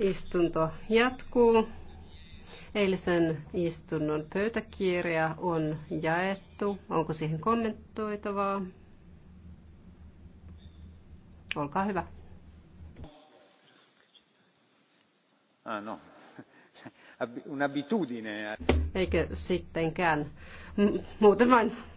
Istunto jatkuu. Eilisen istunnon pöytäkirja on jaettu. Onko siihen kommentoitavaa? Olkaa hyvä. Ah, no. Un'abitudine. Eikö sittenkään? Muuten vain